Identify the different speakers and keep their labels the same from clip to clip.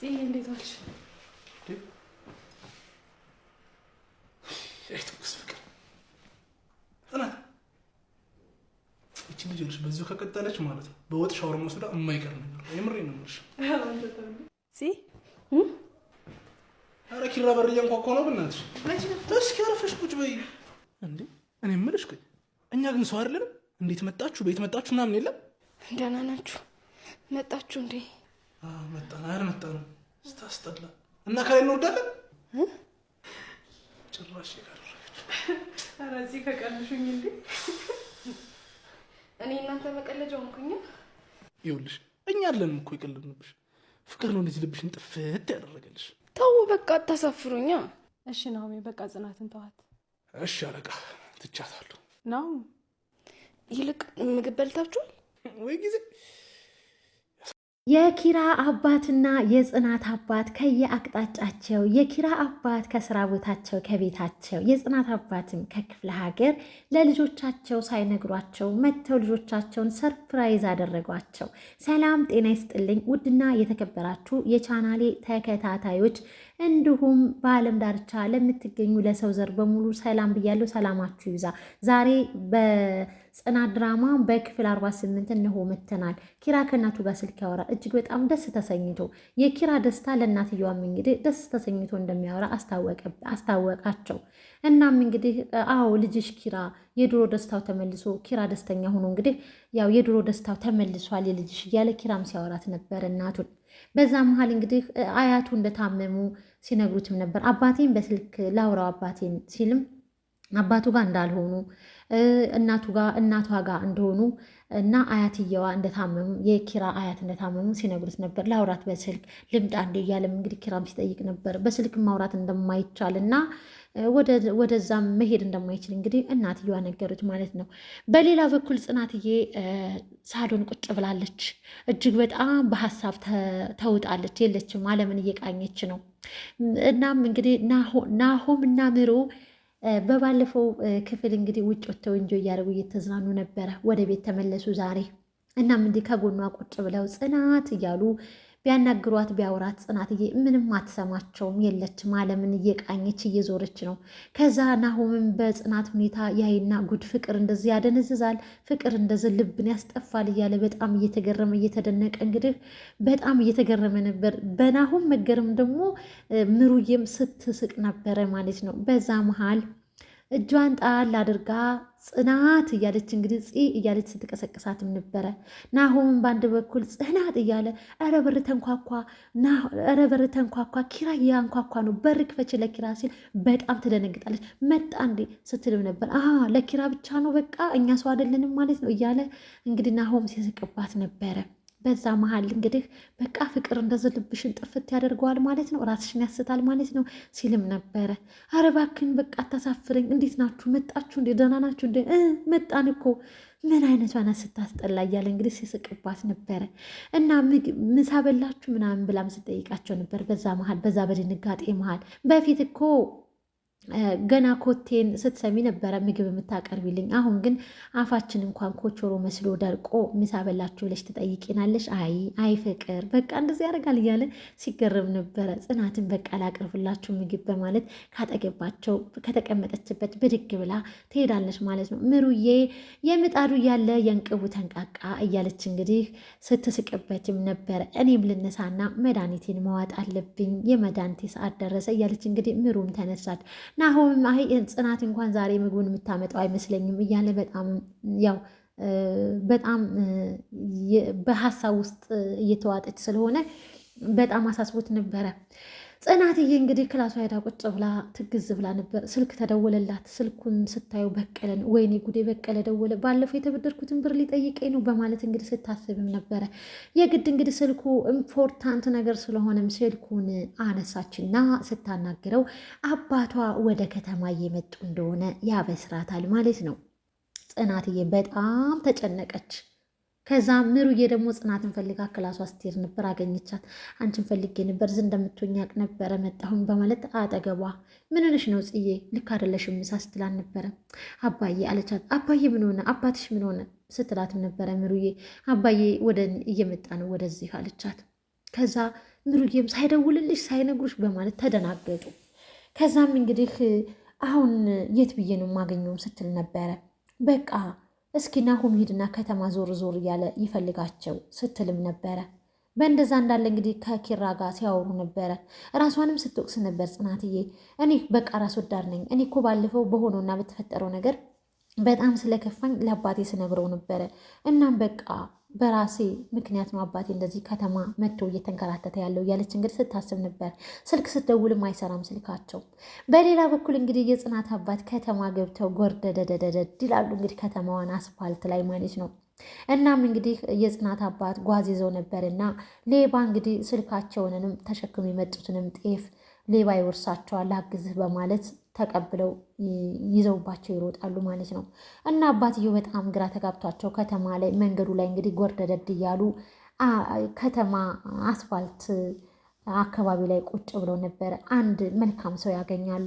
Speaker 1: ጽጌ እንዴት ዋልሽ?
Speaker 2: ኤርቶክስ ፍቅር ጽናት እቺ ልጅ ነሽ። በዚሁ ከቀጠለች ማለት ነው በወጥ ሻወር መውሰዷ የማይቀር ነገር ነው። ነው የምልሽ። ኧረ ኪራ በር እያንኳኳ ነው። በእናትሽ እስኪ አረፈሽ ቁጭ በይ። እንዴ እኔ የምልሽ ቆይ እኛ ግን ሰው አይደለንም? እንዴት መጣችሁ? ቤት መጣችሁ ምናምን የለም?
Speaker 1: ደህና ናችሁ? መጣችሁ እንዴ
Speaker 2: መጣን አልመጣንም ስታስጠላ እና ከላይ እንወዳለን ጭራሽ
Speaker 1: እዚህ ከቀልሹኝ እኔ እናንተ መቀለጃ ሆንኩኝ።
Speaker 2: ይኸውልሽ እኛ አለን እኮ የቀለድንብሽ። ፍቅር ነው እንደዚህ ልብሽን ጥፍት ያደረገልሽ።
Speaker 1: ተው በቃ አታሳፍሩኛ። እሺ ናሆሜ በቃ ጽናትን ተዋት። እሺ አለቃ ይልቅ ምግብ በልታችኋል ወይ ጊዜ የኪራ አባትና የጽናት አባት ከየአቅጣጫቸው፣ የኪራ አባት ከስራ ቦታቸው ከቤታቸው፣ የጽናት አባትም ከክፍለ ሀገር ለልጆቻቸው ሳይነግሯቸው መጥተው ልጆቻቸውን ሰርፕራይዝ አደረጓቸው። ሰላም ጤና ይስጥልኝ ውድና የተከበራችሁ የቻናሌ ተከታታዮች እንዲሁም በዓለም ዳርቻ ለምትገኙ ለሰው ዘር በሙሉ ሰላም ብያለሁ። ሰላማችሁ ይብዛ። ዛሬ በጽናት ድራማ በክፍል 48 እንሆ መተናል። ኪራ ከእናቱ ጋር ስልክ ያወራ እጅግ በጣም ደስ ተሰኝቶ የኪራ ደስታ ለእናትየዋም እንግዲህ ደስ ተሰኝቶ እንደሚያወራ አስታወቃቸው። እናም እንግዲህ አዎ ልጅሽ ኪራ የድሮ ደስታው ተመልሶ ኪራ ደስተኛ ሆኖ እንግዲህ ያው የድሮ ደስታው ተመልሷል የልጅሽ እያለ ኪራም ሲያወራት ነበር እናቱን በዛ መሀል እንግዲህ አያቱ እንደታመሙ ሲነግሩትም ነበር። አባቴን በስልክ ላውራው አባቴን ሲልም አባቱ ጋር እንዳልሆኑ እናቱ ጋር እናቷ ጋር እንደሆኑ እና አያትየዋ እንደታመሙ የኪራ አያት እንደታመሙ ሲነግሩት ነበር። ለአውራት በስልክ ልምጣ እንዲ እያለም እንግዲህ ኪራም ሲጠይቅ ነበር። በስልክ ማውራት እንደማይቻል እና ወደዛ መሄድ እንደማይችል እንግዲህ እናትየዋ ነገሩት ማለት ነው። በሌላ በኩል ጽናትዬ ሳሎን ቁጭ ብላለች። እጅግ በጣም በሀሳብ ተውጣለች። የለችም አለምን እየቃኘች ነው። እናም እንግዲህ ናሆም እና ምሮ በባለፈው ክፍል እንግዲህ ውጭ ወጥተው እንጆ እያደረጉ እየተዝናኑ ነበረ። ወደ ቤት ተመለሱ ዛሬ። እናም እንዲህ ከጎኗ ቁጭ ብለው ጽናት እያሉ ቢያናግሯት ቢያወራት ጽናትዬ ምንም አትሰማቸውም የለችም። አለምን እየቃኘች እየዞረች ነው። ከዛ ናሆምም በጽናት ሁኔታ ያይና ጉድ ፍቅር እንደዚህ ያደነዝዛል፣ ፍቅር እንደዚህ ልብን ያስጠፋል እያለ በጣም እየተገረመ እየተደነቀ እንግዲህ በጣም እየተገረመ ነበር። በናሆም መገረም ደግሞ ምሩዬም ስትስቅ ነበረ ማለት ነው በዛ መሀል እጇን ጣል አድርጋ ጽናት እያለች እንግዲህ ጽ እያለች ስትቀሰቀሳትም ነበረ። ናሆም በአንድ በኩል ጽናት እያለ ኧረ በር ተንኳኳ፣ ኧረ በር ተንኳኳ፣ ኪራ ያንኳኳ ነው በር ክፈች ለኪራ ሲል በጣም ትደነግጣለች። መጣ እንዴ ስትልም ነበር። አ ለኪራ ብቻ ነው በቃ እኛ ሰው አይደለንም ማለት ነው እያለ እንግዲህ ናሆም ሲስቅባት ነበረ። በዛ መሀል እንግዲህ በቃ ፍቅር እንደዚህ ልብሽን ጥፍት ያደርገዋል ማለት ነው፣ ራስሽን ያስታል ማለት ነው ሲልም ነበረ። አረባክን በቃ አታሳፍረኝ። እንዴት ናችሁ? መጣችሁ እንዴ? ደህና ናችሁ እንዴ? መጣን እኮ ምን አይነቷን ስታስጠላ እያለ እንግዲህ ሲስቅባት ነበረ። እና ምሳ በላችሁ ምናምን ብላም ስጠይቃቸው ነበር። በዛ መሀል በዛ በድንጋጤ መሀል በፊት እኮ ገና ኮቴን ስትሰሚ ነበረ ምግብ የምታቀርቢልኝ። አሁን ግን አፋችን እንኳን ኮቾሮ መስሎ ደርቆ ምሳ በላችሁ ብለሽ ትጠይቂናለሽ። አይ አይ ፍቅር በቃ እንደዚህ ያደርጋል እያለ ሲገርም ነበረ። ጽናትን በቃ ላቅርብላችሁ ምግብ በማለት ካጠገባቸው ከተቀመጠችበት ብድግ ብላ ትሄዳለች ማለት ነው። ምሩዬ የምጣዱ እያለ የእንቅቡ ተንቃቃ እያለች እንግዲህ ስትስቅበትም ነበረ። እኔም ልነሳና መድኃኒቴን መዋጥ አለብኝ የመድኃኒቴ ሰዓት ደረሰ እያለች እንግዲህ ምሩም ተነሳች። ናሆም አይ ጽናት እንኳን ዛሬ ምግቡን የምታመጣው አይመስለኝም እያለ በጣም ያው በጣም በሀሳብ ውስጥ እየተዋጠች ስለሆነ በጣም አሳስቦት ነበረ። ጽናትዬ እንግዲህ ክላሷ ሄዳ ቁጭ ብላ ትግዝ ብላ ነበር። ስልክ ተደወለላት። ስልኩን ስታየው በቀለን፣ ወይኔ ጉዴ በቀለ ደወለ፣ ባለፈው የተበደርኩትን ብር ሊጠይቀኝ ነው በማለት እንግዲህ ስታስብም ነበረ። የግድ እንግዲህ ስልኩ ኢምፖርታንት ነገር ስለሆነም ስልኩን አነሳችና ስታናግረው አባቷ ወደ ከተማ እየመጡ እንደሆነ ያበስራታል ማለት ነው። ጽናትዬ በጣም ተጨነቀች። ከዛ ምሩዬ ደግሞ ጽናትን ፈልጋ ክላሷ ስትሄድ ነበር አገኘቻት። አንቺን ፈልጌ ነበር ዝ እንደምትሆኝ ያቅ ነበረ መጣሁን በማለት አጠገቧ ምንንሽ ነው ጽዬ ልክ አደለሽ ምሳ ስትላን ነበረ። አባዬ አለቻት። አባዬ ምን ሆነ አባትሽ ምን ሆነ ስትላትም ነበረ ምሩዬ። አባዬ ወደ እየመጣ ነው ወደዚህ አለቻት። ከዛ ምሩዬም ሳይደውልልሽ ሳይነግሩሽ በማለት ተደናገጡ። ከዛም እንግዲህ አሁን የት ብዬ ነው የማገኘውም ስትል ነበረ በቃ እስኪ ናሁም ሂድና ከተማ ዞር ዞር እያለ ይፈልጋቸው ስትልም ነበረ። በእንደዛ እንዳለ እንግዲህ ከኪራ ጋር ሲያወሩ ነበረ። ራሷንም ስትወቅስ ነበር ጽናትዬ። እኔ በቃ ራስ ወዳድ ነኝ። እኔ እኮ ባለፈው በሆነውና በተፈጠረው ነገር በጣም ስለከፋኝ ለአባቴ ስነግረው ነበረ። እናም በቃ በራሴ ምክንያት ነው አባቴ እንደዚህ ከተማ መጥቶ እየተንከራተተ ያለው እያለች እንግዲህ ስታስብ ነበር። ስልክ ስትደውልም አይሰራም ስልካቸው። በሌላ በኩል እንግዲህ የጽናት አባት ከተማ ገብተው ጎርደደደደደድ ይላሉ እንግዲህ ከተማዋን አስፋልት ላይ ማለት ነው። እናም እንግዲህ የጽናት አባት ጓዝ ይዘው ነበር እና ሌባ እንግዲህ ስልካቸውንንም ተሸክሞ የመጡትንም ጤፍ ሌባ ይወርሳቸዋል አግዝህ በማለት ተቀብለው ይዘውባቸው ይሮጣሉ ማለት ነው። እና አባትየው በጣም ግራ ተጋብቷቸው ከተማ ላይ መንገዱ ላይ እንግዲህ ጎርደደድ እያሉ ከተማ አስፋልት አካባቢ ላይ ቁጭ ብለው ነበር። አንድ መልካም ሰው ያገኛሉ።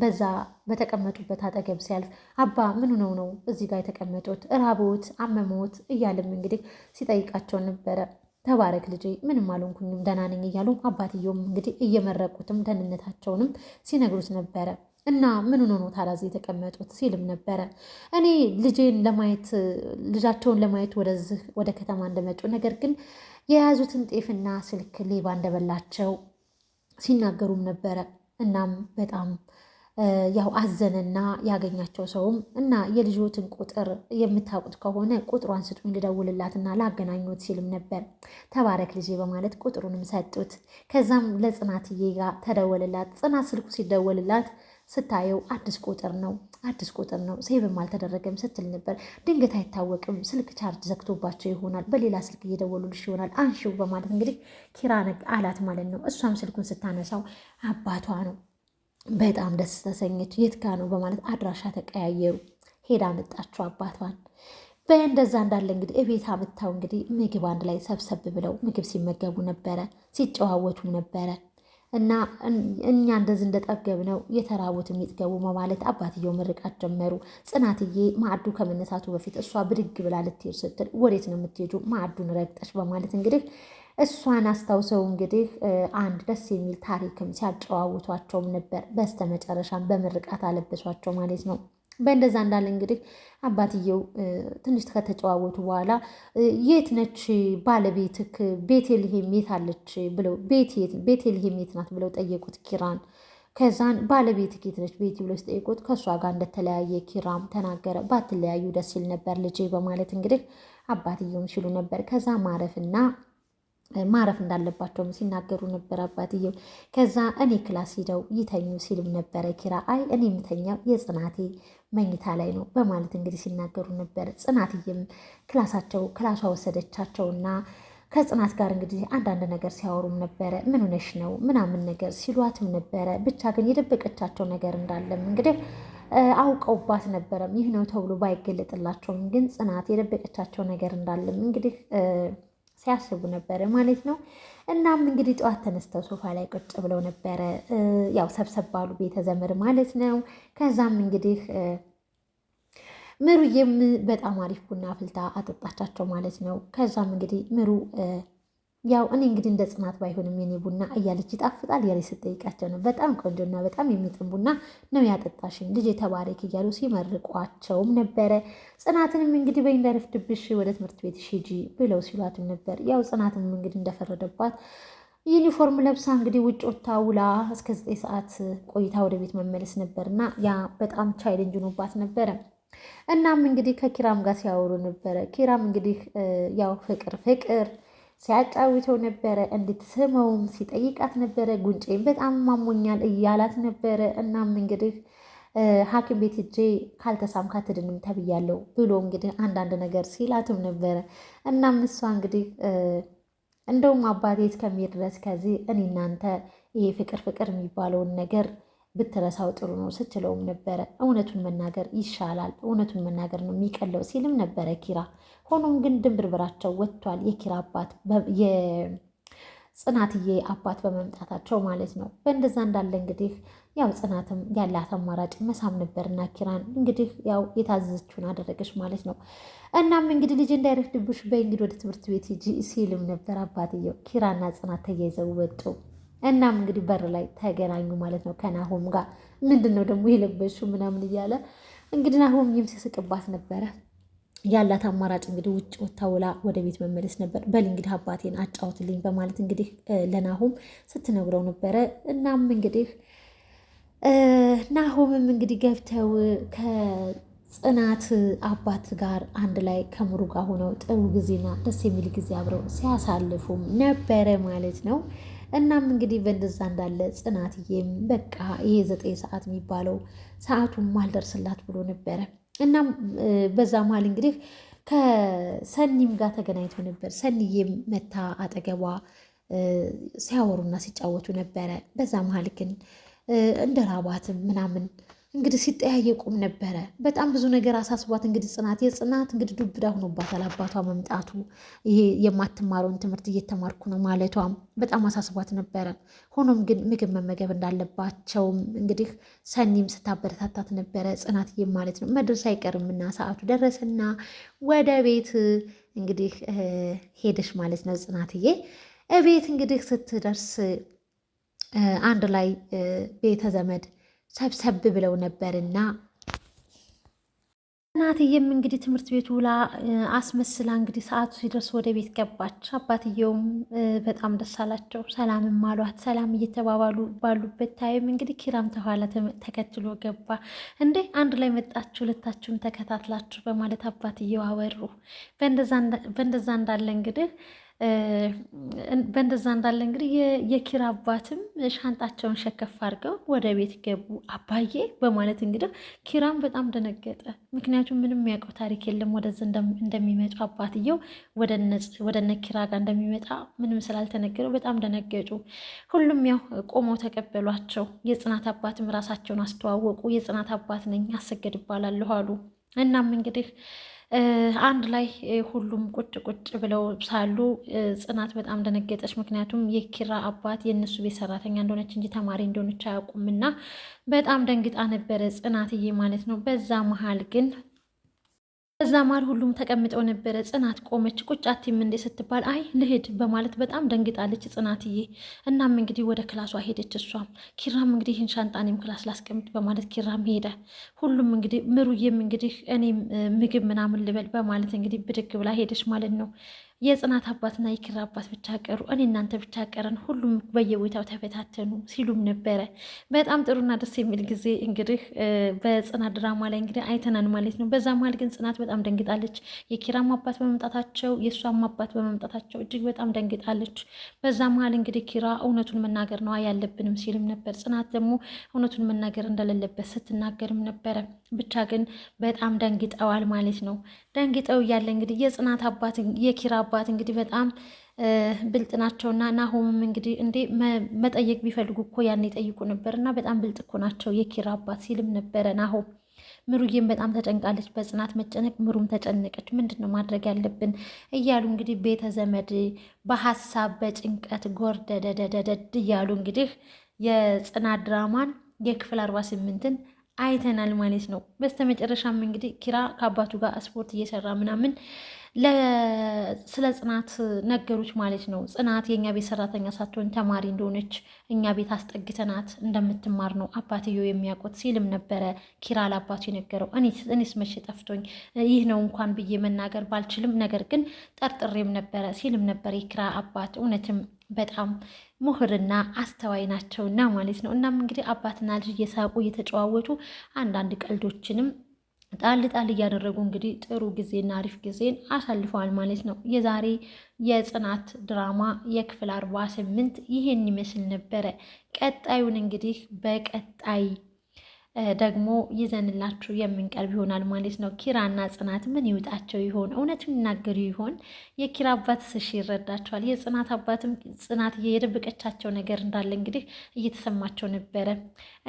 Speaker 1: በዛ በተቀመጡበት አጠገብ ሲያልፍ አባ ምን ነው ነው እዚህ ጋር የተቀመጡት? እራቦት አመሞት እያለም እንግዲህ ሲጠይቃቸው ነበረ። ተባረክ ልጄ፣ ምንም አልሆንኩኝም ደህና ነኝ እያሉ አባትየውም እንግዲህ እየመረቁትም ደህንነታቸውንም ሲነግሩት ነበረ። እና ምን ሆኖ ነው ታዲያ እዚህ የተቀመጡት ሲልም ነበረ። እኔ ልጄን ለማየት ልጃቸውን ለማየት ወደዚህ ወደ ከተማ እንደመጡ ነገር ግን የያዙትን ጤፍና ስልክ ሌባ እንደበላቸው ሲናገሩም ነበረ። እናም በጣም ያው አዘነና ያገኛቸው ሰውም እና የልጆትን ቁጥር የምታውቁት ከሆነ ቁጥሯን አንስጡ ልደውልላትና ላገናኙት ሲልም ነበር። ተባረክ ልጄ በማለት ቁጥሩንም ሰጡት። ከዛም ለጽናትዬ ጋር ተደወልላት። ጽናት ስልኩ ሲደወልላት ስታየው አዲስ ቁጥር ነው አዲስ ቁጥር ነው ሴብም አልተደረገም ስትል ነበር። ድንገት አይታወቅም፣ ስልክ ቻርጅ ዘግቶባቸው ይሆናል፣ በሌላ ስልክ እየደወሉልሽ ይሆናል፣ አንሺው በማለት እንግዲህ ኪራ አላት ማለት ነው። እሷም ስልኩን ስታነሳው አባቷ ነው። በጣም ደስ ተሰኘች። የት ጋ ነው በማለት አድራሻ ተቀያየሩ። ሄዳ መጣችው አባቷን በእንደዛ እንዳለ እንግዲህ እቤታ ብታው እንግዲህ ምግብ አንድ ላይ ሰብሰብ ብለው ምግብ ሲመገቡ ነበረ፣ ሲጨዋወቱ ነበረ። እና እኛ እንደዚህ እንደጠገብ ነው የተራቡት የሚጥገቡ በማለት አባትየው ምርቃት ጀመሩ። ጽናትዬ ማዕዱ ከመነሳቱ በፊት እሷ ብድግ ብላ ልትሄድ ስትል ወዴት ነው የምትሄዱ? ማዕዱን ረግጠሽ በማለት እንግዲህ እሷን አስታውሰው እንግዲህ አንድ ደስ የሚል ታሪክም ሲያጨዋውቷቸውም ነበር። በስተመጨረሻም በምርቃት አለበሷቸው ማለት ነው። በእንደዛ እንዳለ እንግዲህ አባትየው ትንሽ ከተጨዋወቱ በኋላ የት ነች ባለቤትክ ቤቴልሄም የት አለች ብለው ቤቴልሄም የት ናት ብለው ጠየቁት ኪራን። ከዛን ባለቤትህ የት ነች ቤቲ ብለው ሲጠይቁት ከእሷ ጋር እንደተለያየ ኪራም ተናገረ። ባትለያዩ ደስ ይል ነበር ልጄ በማለት እንግዲህ አባትየውም ሲሉ ነበር። ከዛ ማረፍና ማረፍ እንዳለባቸውም ሲናገሩ ነበር አባትየው። ከዛ እኔ ክላስ ሂደው ይተኙ ሲልም ነበረ ኪራ። አይ እኔ የምተኛው የጽናቴ መኝታ ላይ ነው በማለት እንግዲህ ሲናገሩ ነበር። ጽናትዬም ክላሳቸው ክላሷ ወሰደቻቸውና ከጽናት ጋር እንግዲህ አንዳንድ ነገር ሲያወሩም ነበረ። ምን ሆነሽ ነው ምናምን ነገር ሲሏትም ነበረ። ብቻ ግን የደበቀቻቸው ነገር እንዳለም እንግዲህ አውቀውባት ነበረም። ይህ ነው ተብሎ ባይገለጥላቸውም ግን ጽናት የደበቀቻቸው ነገር እንዳለም እንግዲህ ሲያስቡ ነበረ ማለት ነው። እናም እንግዲህ ጠዋት ተነስተው ሶፋ ላይ ቁጭ ብለው ነበረ፣ ያው ሰብሰብ ባሉ ቤተዘመድ ማለት ነው። ከዛም እንግዲህ ምሩዬም በጣም አሪፍ ቡና ፍልታ አጠጣቻቸው ማለት ነው። ከዛም እንግዲህ ምሩ ያው እኔ እንግዲህ እንደ ጽናት ባይሆንም የኔ ቡና እያለች ይጣፍጣል ያለች ስጠይቃቸው ነው። በጣም ቆንጆና በጣም የሚጥም ቡና ነው ያጠጣሽኝ ልጄ ተባረክ እያሉ ሲመርቋቸውም ነበረ። ጽናትንም እንግዲህ በይ እንዳይረፍድብሽ ወደ ትምህርት ቤት ሂጂ ብለው ሲሏትም ነበር። ያው ጽናትንም እንግዲህ እንደፈረደባት ዩኒፎርም ለብሳ እንግዲህ ውጭ ውላ እስከ ዘጠኝ ሰዓት ቆይታ ወደ ቤት መመለስ ነበርና ያ በጣም ቻይለንጅ ሆኖባት ነበረ። እናም እንግዲህ ከኪራም ጋር ሲያወሩ ነበረ። ኪራም እንግዲህ ያው ፍቅር ፍቅር ሲያጫውተው ነበረ። እንድትስመውም ሲጠይቃት ነበረ። ጉንጬን በጣም ማሞኛል እያላት ነበረ። እናም እንግዲህ ሐኪም ቤት እጄ ካልተሳምክ አትድንም ተብያለሁ ብሎ እንግዲህ አንዳንድ ነገር ሲላትም ነበረ። እናም እሷ እንግዲህ እንደውም አባቴ እስከሚሄድ ድረስ ከዚህ እኔ እናንተ ይሄ ፍቅር ፍቅር የሚባለውን ነገር ብትረሳው ጥሩ ነው ስትለውም ነበረ። እውነቱን መናገር ይሻላል፣ እውነቱን መናገር ነው የሚቀለው ሲልም ነበረ ኪራ። ሆኖም ግን ድንብርብራቸው ወጥቷል። የኪራ አባት የጽናትዬ አባት በመምጣታቸው ማለት ነው። በእንደዛ እንዳለ እንግዲህ ያው ጽናትም ያላት አማራጭ መሳም ነበርና ኪራን እንግዲህ ያው የታዘዘችውን አደረገች ማለት ነው። እናም እንግዲህ ልጅ እንዳይረፍድብሽ በእንግዲህ ወደ ትምህርት ቤት ሂጂ ሲልም ነበር አባትየው። ኪራና ጽናት ተያይዘው ወጡ። እናም እንግዲህ በር ላይ ተገናኙ ማለት ነው ከናሆም ጋር። ምንድን ነው ደግሞ የለበሽው ምናምን እያለ እንግዲህ ናሆም ይህም ሲስቅባት ነበረ። ያላት አማራጭ እንግዲህ ውጭ ወታ ውላ ወደ ቤት መመለስ ነበር። በል እንግዲህ አባቴን አጫውትልኝ በማለት እንግዲህ ለናሆም ስትነግረው ነበረ። እናም እንግዲህ ናሆምም እንግዲህ ገብተው ጽናት አባት ጋር አንድ ላይ ከምሩ ጋር ሆነው ጥሩ ጊዜና ደስ የሚል ጊዜ አብረው ሲያሳልፉም ነበረ ማለት ነው። እናም እንግዲህ በእንደዛ እንዳለ ጽናትዬም በቃ ይሄ ዘጠኝ ሰዓት የሚባለው ሰዓቱም አልደርስላት ብሎ ነበረ። እናም በዛ መሀል እንግዲህ ከሰኒም ጋር ተገናኝቶ ነበር። ሰኒዬም መታ አጠገቧ ሲያወሩና ሲጫወቱ ነበረ። በዛ መሀል ግን እንደ ራባትም ምናምን እንግዲህ ሲጠያየቁም ነበረ። በጣም ብዙ ነገር አሳስቧት እንግዲህ ጽናት የጽናት እንግዲህ ዱብዳ ሆኖባታል። አባቷ መምጣቱ ይሄ የማትማረውን ትምህርት እየተማርኩ ነው ማለቷም በጣም አሳስቧት ነበረ። ሆኖም ግን ምግብ መመገብ እንዳለባቸውም እንግዲህ ሰኒም ስታበረታታት ነበረ። ጽናትዬም ማለት ነው መድረስ አይቀርምና ሰዓቱ ደረሰና ወደ ቤት እንግዲህ ሄደሽ ማለት ነው ጽናትዬ። እቤት እንግዲህ ስትደርስ አንድ ላይ ቤተዘመድ ሰብሰብ ብለው ነበርና እናትዬም እንግዲህ ትምህርት ቤት ውላ አስመስላ እንግዲህ ሰዓቱ ሲደርስ ወደ ቤት ገባች። አባትየውም በጣም ደስ አላቸው። ሰላምም አሏት። ሰላም እየተባባሉ ባሉበት ታይም እንግዲህ ኪራም ተኋላ ተከትሎ ገባ። እንዴ አንድ ላይ መጣችሁ ሁለታችሁም ተከታትላችሁ በማለት አባትየው አወሩ። በእንደዛ እንዳለ እንግዲህ በእንደዛ እንዳለ እንግዲህ የኪራ አባትም ሻንጣቸውን ሸከፍ አድርገው ወደ ቤት ገቡ። አባዬ በማለት እንግዲህ ኪራም በጣም ደነገጠ። ምክንያቱም ምንም የሚያውቀው ታሪክ የለም። ወደዚ እንደሚመጡ አባትየው ወደነ ኪራ ጋር እንደሚመጣ ምንም ስላልተነገረው በጣም ደነገጡ። ሁሉም ያው ቆመው ተቀበሏቸው። የጽናት አባትም ራሳቸውን አስተዋወቁ። የጽናት አባት ነኝ፣ አሰገድ ይባላለሁ አሉ። እናም እንግዲህ አንድ ላይ ሁሉም ቁጭ ቁጭ ብለው ሳሉ ጽናት በጣም ደነገጠች። ምክንያቱም የኪራ አባት የእነሱ ቤት ሰራተኛ እንደሆነች እንጂ ተማሪ እንደሆነች እና በጣም ደንግጣ ነበረ ጽናትዬ ማለት ነው። በዛ መሀል ግን እዛ ማል ሁሉም ተቀምጠው ነበረ። ጽናት ቆመች። ቁጭ አትይም እንዴ ስትባል አይ ልሄድ በማለት በጣም ደንግጣለች ጽናትዬ። እናም እንግዲህ ወደ ክላሷ ሄደች። እሷም ኪራም እንግዲህ ይህን ሻንጣኔም ክላስ ላስቀምጥ በማለት ኪራም ሄደ። ሁሉም እንግዲህ ምሩዬም እንግዲህ እኔም ምግብ ምናምን ልበል በማለት እንግዲህ ብድግ ብላ ሄደች ማለት ነው። የጽናት አባትና የኪራ አባት ብቻ ቀሩ፣ እኔ እናንተ ብቻ ቀረን፣ ሁሉም በየቦታው ተበታተኑ ሲሉም ነበረ። በጣም ጥሩና ደስ የሚል ጊዜ እንግዲህ በጽናት ድራማ ላይ እንግዲህ አይተናን ማለት ነው። በዛ መሀል ግን ጽናት በጣም ደንግጣለች። የኪራም አባት በመምጣታቸው የእሷም አባት በመምጣታቸው እጅግ በጣም ደንግጣለች። በዛ መሀል እንግዲህ ኪራ እውነቱን መናገር ነዋ ያለብንም ሲልም ነበር። ጽናት ደግሞ እውነቱን መናገር እንደሌለበት ስትናገርም ነበረ። ብቻ ግን በጣም ደንግጠዋል ማለት ነው። ደንግጠው እያለ እንግዲህ የጽናት አባት የኪራ አባት እንግዲህ በጣም ብልጥ ናቸው እና ናሆምም እንግዲህ እንዴ መጠየቅ ቢፈልጉ እኮ ያን ይጠይቁ ነበር እና በጣም ብልጥ እኮ ናቸው የኪራ አባት ሲልም ነበረ ናሆም። ምሩዬም በጣም ተጨንቃለች። በጽናት መጨነቅ ምሩም ተጨነቀች። ምንድን ነው ማድረግ ያለብን እያሉ እንግዲህ ቤተ ዘመድ በሀሳብ በጭንቀት ጎርደደደደደድ እያሉ እንግዲህ የጽናት ድራማን የክፍል አርባ ስምንትን አይተናል ማለት ነው። በስተመጨረሻም እንግዲህ ኪራ ከአባቱ ጋር ስፖርት እየሰራ ምናምን ስለ ጽናት ነገሮች ማለት ነው። ጽናት የእኛ ቤት ሰራተኛ ሳትሆን ተማሪ እንደሆነች እኛ ቤት አስጠግተናት እንደምትማር ነው አባትየው የሚያውቁት ሲልም ነበረ ኪራ ለአባቱ የነገረው። እኔስ መቼ ጠፍቶኝ ይህ ነው እንኳን ብዬ መናገር ባልችልም፣ ነገር ግን ጠርጥሬም ነበረ ሲልም ነበር የኪራ አባት እውነትም በጣም ምሁርና አስተዋይ ናቸውና ማለት ነው። እናም እንግዲህ አባትና ልጅ እየሳቁ እየተጨዋወቱ አንዳንድ ቀልዶችንም ጣል ጣል እያደረጉ እንግዲህ ጥሩ ጊዜና አሪፍ ጊዜን አሳልፈዋል ማለት ነው። የዛሬ የጽናት ድራማ የክፍል አርባ ስምንት ይህን ይመስል ነበረ። ቀጣዩን እንግዲህ በቀጣይ ደግሞ ይዘንላችሁ የምንቀርብ ይሆናል ማለት ነው። ኪራና ጽናት ምን ይውጣቸው ይሆን? እውነት የሚናገሩ ይሆን? የኪራ አባት ስሽ ይረዳቸዋል? የጽናት አባትም ጽናት የደበቀቻቸው ነገር እንዳለ እንግዲህ እየተሰማቸው ነበረ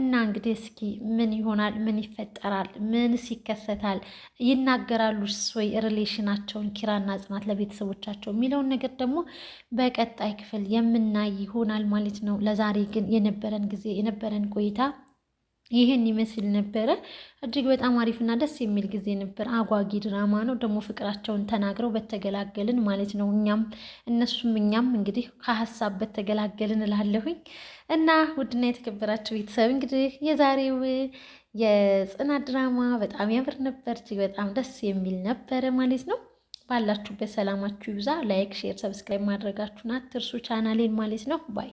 Speaker 1: እና እንግዲህ እስኪ ምን ይሆናል? ምን ይፈጠራል? ምንስ ይከሰታል? ይናገራሉ ወይ ሪሌሽናቸውን ኪራና ጽናት ለቤተሰቦቻቸው የሚለውን ነገር ደግሞ በቀጣይ ክፍል የምናይ ይሆናል ማለት ነው። ለዛሬ ግን የነበረን ጊዜ የነበረን ቆይታ ይህን ይመስል ነበረ። እጅግ በጣም አሪፍና ደስ የሚል ጊዜ ነበር። አጓጊ ድራማ ነው ደግሞ ፍቅራቸውን ተናግረው በተገላገልን ማለት ነው። እኛም እነሱም እኛም እንግዲህ ከሀሳብ በተገላገልን እላለሁኝ እና ውድና የተከበራቸው ቤተሰብ እንግዲህ የዛሬው የጽናት ድራማ በጣም ያምር ነበር። እጅግ በጣም ደስ የሚል ነበረ ማለት ነው። ባላችሁበት ሰላማችሁ ይብዛ። ላይክ፣ ሼር፣ ሰብስክራይብ ማድረጋችሁን አትርሱ። ቻናሌን ማለት ነው ባይ